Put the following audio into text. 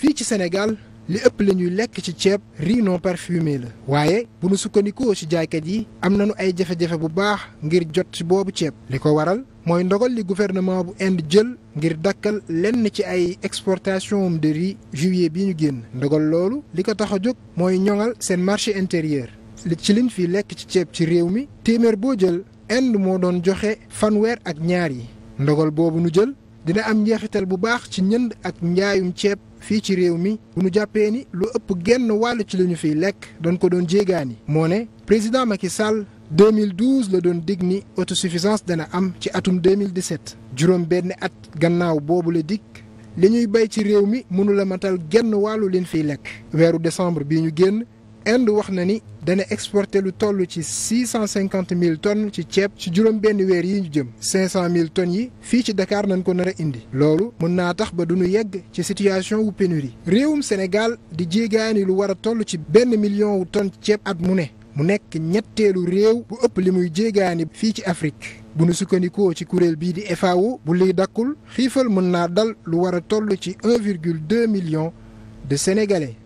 fii ci Sénégal li ëpp la ñuy lekk ci ceeb riz non parfumé la waaye bu nu sukkandikoo ci jaaykat yi am na nañu ay jafe-jafe bu baax ngir jot ci boobu ceeb li ko waral mooy ndogal li gouvernement bu Inde jël ngir dakkal lenn ci ay exportation de riz juillet bi ñu génn ndogal loolu li ko tax a jóg mooy ñoŋal seen marché intérieur li ci liñ fii lekk ci ceeb ci réew mi téeméer boo jël Inde moo doon joxe fanweer ak ñaar yi ndogal boobu nu jël dina am njeexital bu baax ci ñënd ak njaayum ceeb fii ci réew mi bu nu jàppee ni lu ëpp genn wàll ci li ñu fiy lekk dañ ko doon jéegaani moo ne président Macky Sall 2012 la doon dig ni autosuffisance dana am ci atum 2017 juróom benn at gannaaw boobu la dikk li ñuy bay ci réew mi mënu la matal genn wàll leen fiy lekk weeru décembre bii ñu génn Inde wax na ni dana exporté lu toll ci six cent cinquante mille tonnes ci ceeb ci juróom benn weer yi ñu jëm cinq cent mille tonnes yi fii ci Dakar nañ ko nar a indi loolu mën naa tax ba duñu yegg ci situation wu pénurie réewum Sénégal di jéegaani lu war a toll ci benn million wu tonnes ceeb at mu ne mu nekk ñetteelu réew bu ëpp li muy jéegaani fii ci Afrique bu nu sukkandikoo ci kuréel bii di FAO bu liy dakkul xiifal mën naa dal lu war a toll ci virgule deux million de Sénégalais